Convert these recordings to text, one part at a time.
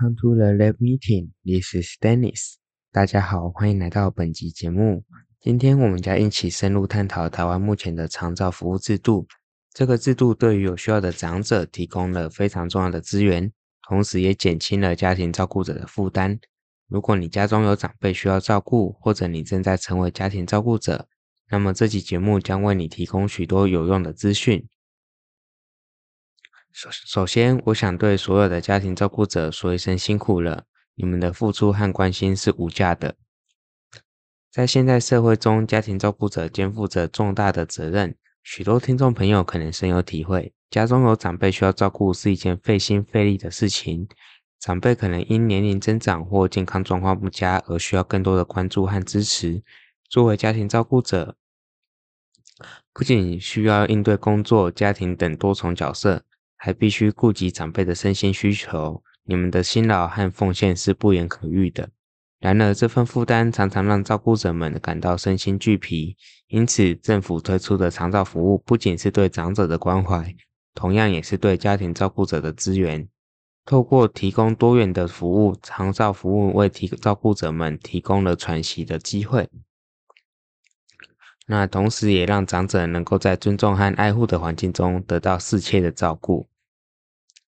Welcome to the Lab Meeting. This is Dennis. 大家好，歡迎來到本集節目。今天我們將一起深入探討台灣目前的長照服務制度。這個制度對於有需要的長者提供了非常重要的資源，同時也減輕了家庭照顧者的負擔。如果你家中有長輩需要照顧，或者你正在成為家庭照顧者，那麼這集節目將為你提供許多有用的資訊。首首先，我想對所有的家庭照顧者說一聲辛苦了，你們的付出和關心是無價的。在現代社會中，家庭照顧者肩負着重大的責任。許多聽眾朋友可能深有體會，家中有長輩需要照顧是一件費心費力的事情。長輩可能因年齡增長或健康狀況不佳而需要更多的關注和支持。作為家庭照顧者，不僅需要應對工作、家庭等多重角色。還必須顧及長輩的身心需求，你們的辛勞和奉獻是不言可喻的。然而，這份負擔常常讓照顧者們感到身心俱疲，因此，政府推出的長照服務不僅是對長者的關懷，同樣也是對家庭照顧者的資源。透過提供多元的服務，長照服務為提照顧者們提供了喘息的機會，那同時也讓長者能夠在尊重和愛護的環境中得到適切的照顧。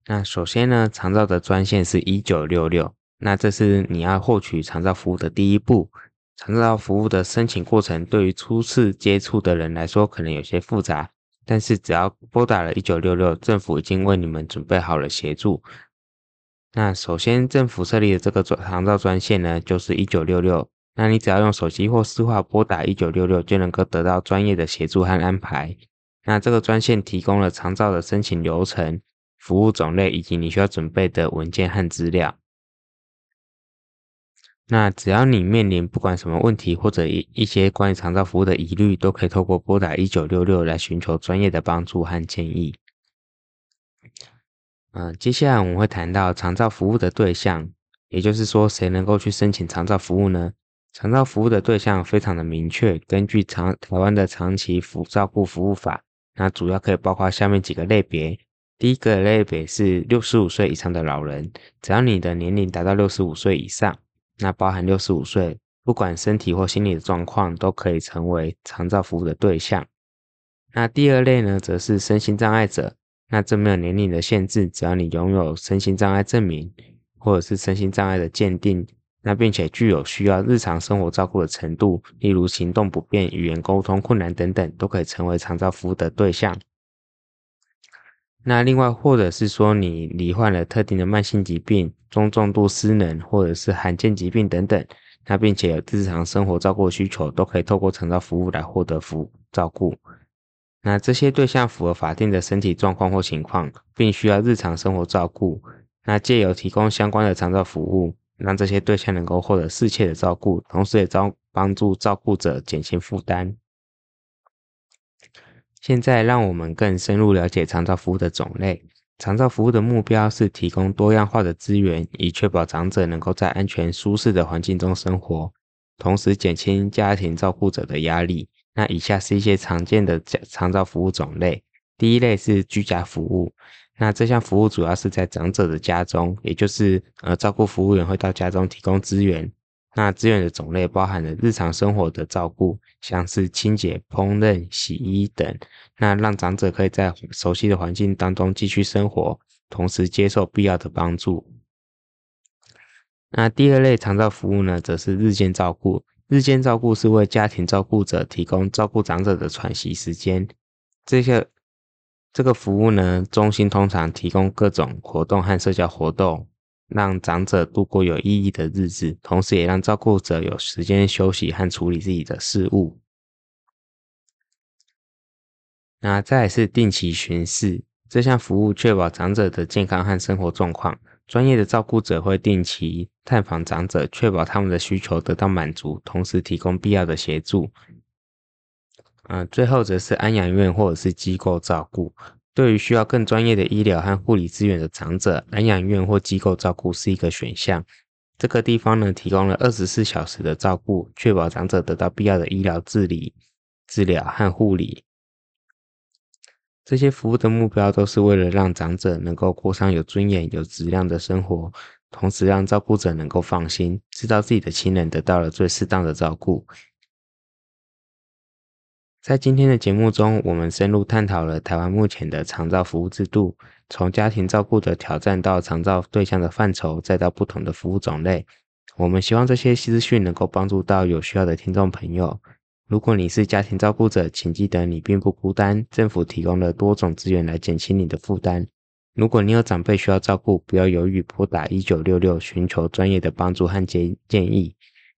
那首先呢，長照的專線是1966，那這是你要獲取長照服務的第一步。長照服務的申請過程對於初次接觸的人來說可能有些複雜，但是只要撥打了1966，政府已經為你們準備好了協助。那首先，政府設立的這個長照專線呢，就是1966，那你只要用手機或市話撥打1966，就能夠得到專業的協助和安排。那這個專線提供了長照的申請流程。服務種類，以及你需要準備的文件和資料。那只要你面臨不管什麼問題或者一一些關於長照服務的疑慮，都可以透過撥打一九六六來尋求專業的幫助和建議。嗯、呃，接下來我們會談到長照服務的對象，也就是說，誰能夠去申請長照服務呢？長照服務的對象非常的明確，根據長台灣的長期服照顧服務法，那主要可以包括下面幾個類別。第一個類別是六十五歲以上的老人，只要你的年齡達到六十五歲以上，那包含六十五歲，不管身體或心理的狀況，都可以成為長照服務的對象。那第二類呢，則是身心障礙者，那這沒有年齡的限制，只要你擁有身心障礙證明，或者是身心障礙的鑑定，那並且具有需要日常生活照顧的程度，例如行動不便、語言溝通困難等等，都可以成為長照服務的對象。那另外，或者是說你罹患了特定的慢性疾病、中重度失能，或者是罕見疾病等等，那並且有日常生活照顧需求，都可以透過長照服務來獲得服務照顧。那這些對象符合法定的身體狀況或情況，並需要日常生活照顧，那借由提供相關的長照服務，讓這些對象能夠獲得適切的照顧，同時也將幫助照顧者減輕負擔。現在讓我們更深入了解長照服務的種類。長照服務的目標是提供多樣化的資源，以確保長者能夠在安全舒適的環境中生活，同時減輕家庭照顧者的壓力。那以下是一些常見的長長照服務種類。第一類是居家服務，那這項服務主要是在長者的家中，也就是呃，照顧服務員會到家中提供資源。那資源的種類包含了日常生活的照顧，像是清潔、烹飪、洗衣等。那讓長者可以在熟悉的環境當中繼續生活，同時接受必要的幫助。那第二類長照服務呢，則是日間照顧。日間照顧是為家庭照顧者提供照顧長者的喘息時間。這些、個、這個服務呢，中心通常提供各種活動和社交活動。讓長者度過有意義的日子，同時也讓照顧者有時間休息和處理自己的事務。那再來是定期巡視，這項服務確保長者的健康和生活狀況。專業的照顧者會定期探訪長者，確保他們的需求得到滿足，同時提供必要的協助。嗯，最後則是安養院或者是機構照顧。對於需要更專業的醫療和護理資源的長者，療養院或機構照顧是一個選項。這個地方呢，提供了二十四小時的照顧，確保長者得到必要的醫療、治理、治療和護理。這些服務的目標都是為了讓長者能夠過上有尊嚴、有質量的生活，同時讓照顧者能夠放心，知道自己的親人得到了最適當的照顧。在今天的節目中，我們深入探討了台灣目前的長照服務制度，從家庭照顧的挑戰到長照對象的範疇，再到不同的服務種類。我們希望這些資訊能夠幫助到有需要的聽眾朋友。如果你是家庭照顧者，請記得你並不孤單，政府提供了多種資源來減輕你的負擔。如果你有長輩需要照顧，不要猶豫，撥打1966，尋求專業的幫助和建建議。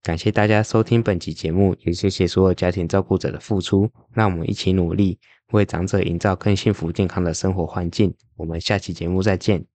感謝大家收聽本期節目，也謝謝所有家庭照顧者的付出。讓我們一起努力，為長者營造更幸福健康的生活環境。我們下期節目再見。